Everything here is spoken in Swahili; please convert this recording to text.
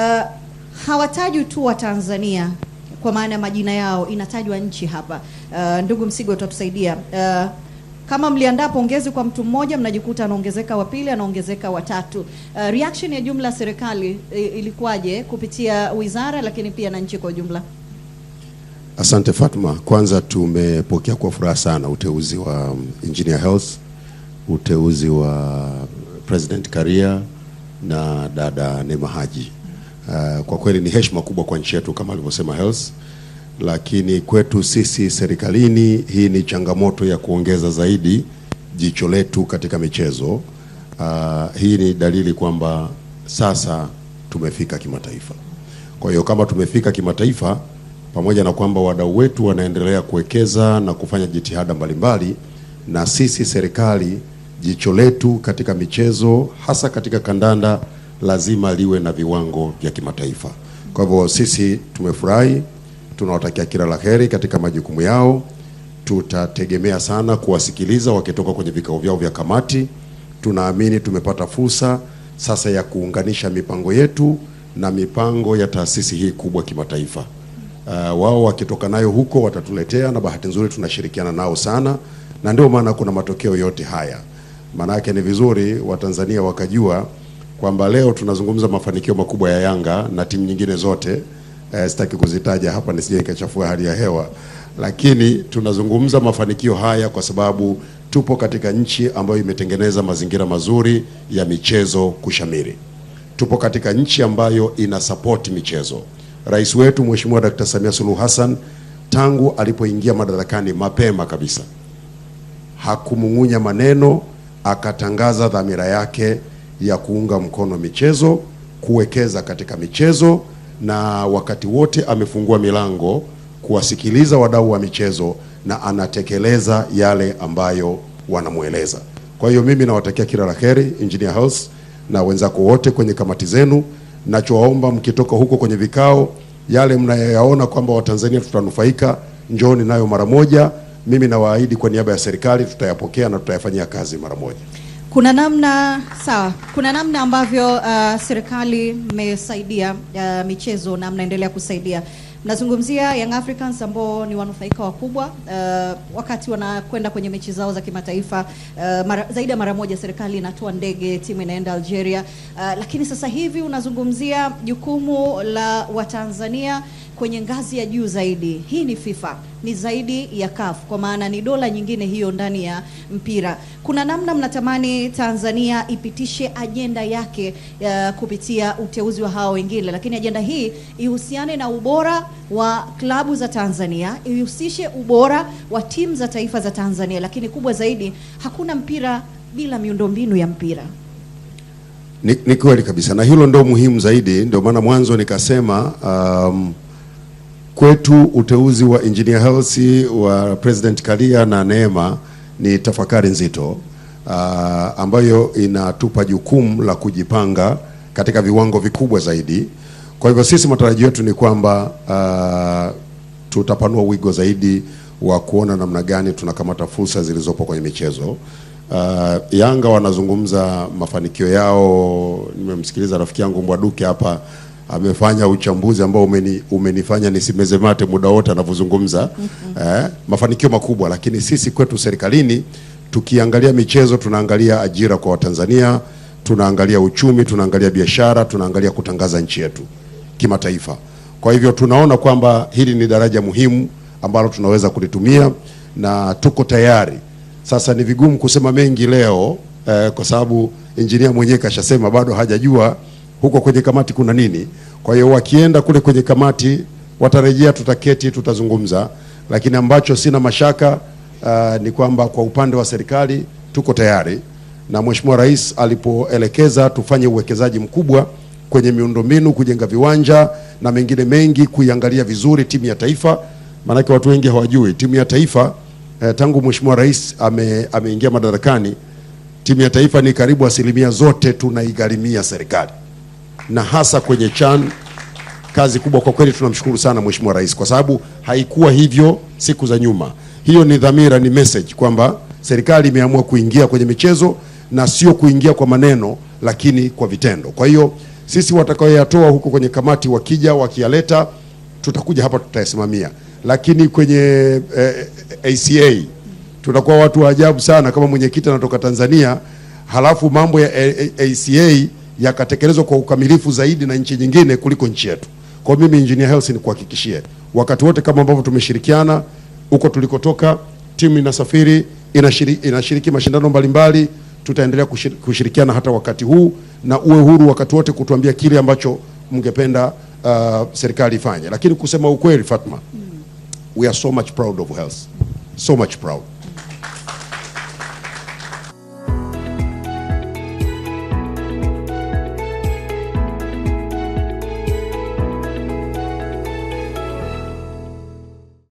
uh, hawataji tu wa Tanzania kwa maana ya majina yao, inatajwa nchi hapa. Uh, ndugu Msigo utatusaidia uh, kama mliandaa pongezi kwa mtu mmoja, mnajikuta anaongezeka wa pili, anaongezeka wa tatu. Uh, reaction ya jumla ya serikali ilikuwaje kupitia wizara, lakini pia na nchi kwa ujumla? Asante Fatma, kwanza tumepokea kwa furaha sana uteuzi wa um, Engineer Health, uteuzi wa President Karia na dada Nema Haji. Eh, kwa kweli ni heshima kubwa kwa nchi yetu kama alivyosema Health, lakini kwetu sisi serikalini hii ni changamoto ya kuongeza zaidi jicho letu katika michezo. Uh, hii ni dalili kwamba sasa tumefika kimataifa. Kwa hiyo kama tumefika kimataifa, pamoja na kwamba wadau wetu wanaendelea kuwekeza na kufanya jitihada mbalimbali, na sisi serikali jicho letu katika michezo hasa katika kandanda lazima liwe na viwango vya kimataifa. Kwa hivyo sisi tumefurahi, tunawatakia kila la heri katika majukumu yao. Tutategemea sana kuwasikiliza wakitoka kwenye vikao vyao vya kamati. Tunaamini tumepata fursa sasa ya kuunganisha mipango yetu na mipango ya taasisi hii kubwa kimataifa. Uh, wao wakitoka nayo huko watatuletea, na bahati nzuri tunashirikiana nao sana, na ndio maana kuna matokeo yote haya. Maana yake ni vizuri Watanzania wakajua kwamba leo tunazungumza mafanikio makubwa ya Yanga na timu nyingine zote eh, sitaki kuzitaja hapa nisije nikachafua hali ya hewa, lakini tunazungumza mafanikio haya kwa sababu tupo katika nchi ambayo imetengeneza mazingira mazuri ya michezo kushamiri. Tupo katika nchi ambayo ina support michezo. Rais wetu Mheshimiwa Dr. Samia Suluhu Hassan tangu alipoingia madarakani mapema kabisa hakumung'unya maneno, akatangaza dhamira yake ya kuunga mkono michezo, kuwekeza katika michezo, na wakati wote amefungua milango kuwasikiliza wadau wa michezo na anatekeleza yale ambayo wanamweleza. Kwa hiyo mimi nawatakia kila la heri Engineer House na wenzako wote kwenye kamati zenu. Nachowaomba, mkitoka huko kwenye vikao, yale mnayoyaona kwamba Watanzania tutanufaika, njooni nayo mara moja. Mimi nawaahidi kwa niaba ya serikali tutayapokea na tutayafanyia kazi mara moja. Kuna namna sawa, kuna namna ambavyo uh, serikali mmesaidia uh, michezo na mnaendelea kusaidia. Mnazungumzia Young Africans ambao ni wanufaika wakubwa uh, wakati wanakwenda kwenye mechi zao za kimataifa uh, mara, zaidi ya mara moja serikali inatoa ndege, timu inaenda Algeria uh, lakini sasa hivi unazungumzia jukumu la Watanzania kwenye ngazi ya juu zaidi, hii ni FIFA ni zaidi ya CAF, kwa maana ni dola nyingine hiyo ndani ya mpira. Kuna namna mnatamani Tanzania ipitishe ajenda yake ya eh, kupitia uteuzi wa hawa wengine, lakini ajenda hii ihusiane na ubora wa klabu za Tanzania, ihusishe ubora wa timu za taifa za Tanzania, lakini kubwa zaidi, hakuna mpira bila miundombinu ya mpira. Ni, ni kweli kabisa na hilo ndo muhimu zaidi, ndio maana mwanzo nikasema um, Kwetu uteuzi wa Engineer Hersi wa President Karia na Neema ni tafakari nzito uh, ambayo inatupa jukumu la kujipanga katika viwango vikubwa zaidi. Kwa hivyo sisi matarajio yetu ni kwamba uh, tutapanua wigo zaidi wa kuona namna gani tunakamata fursa zilizopo kwenye michezo. Uh, Yanga wanazungumza mafanikio yao, nimemsikiliza rafiki yangu Mbwaduke hapa amefanya uchambuzi ambao umeni, umenifanya nisimeze mate muda wote anavyozungumza mm -hmm. Eh, mafanikio makubwa, lakini sisi kwetu serikalini tukiangalia michezo tunaangalia ajira kwa Watanzania, tunaangalia uchumi, tunaangalia biashara, tunaangalia kutangaza nchi yetu kimataifa. Kwa hivyo tunaona kwamba hili ni daraja muhimu ambalo tunaweza kulitumia na tuko tayari. Sasa ni vigumu kusema mengi leo eh, kwa sababu injinia mwenyewe kashasema bado hajajua huko kwenye kamati kuna nini. Kwa hiyo wakienda kule kwenye kamati watarejea, tutaketi, tutazungumza, lakini ambacho sina mashaka uh, ni kwamba kwa upande wa serikali tuko tayari, na Mheshimiwa Rais alipoelekeza tufanye uwekezaji mkubwa kwenye miundombinu, kujenga viwanja na mengine mengi, kuiangalia vizuri timu ya taifa, maanake watu wengi hawajui timu ya taifa eh, tangu Mheshimiwa Rais ame, ameingia madarakani timu ya taifa ni karibu asilimia zote tunaigharimia serikali na hasa kwenye CHAN kazi kubwa kwa kweli. Tunamshukuru sana Mheshimiwa Rais kwa sababu haikuwa hivyo siku za nyuma. Hiyo ni dhamira, ni message kwamba serikali imeamua kuingia kwenye michezo na sio kuingia kwa maneno, lakini kwa vitendo. Kwa hiyo sisi watakaoyatoa huko kwenye kamati wakija wakiyaleta, tutakuja hapa tutayasimamia, lakini kwenye eh, ACA tutakuwa watu wa ajabu sana kama mwenyekiti anatoka Tanzania halafu mambo ya ACA yakatekelezwa kwa ukamilifu zaidi na nchi nyingine kuliko nchi yetu. Kwa mimi Engineer ni kuhakikishie wakati wote kama ambavyo tumeshirikiana huko tulikotoka, timu inasafiri inashiriki, inashiriki mashindano mbalimbali, tutaendelea kushirikiana hata wakati huu, na uwe huru wakati wote kutuambia kile ambacho mngependa uh, serikali ifanye. Lakini kusema ukweli Fatma, we are so much proud of health, so much proud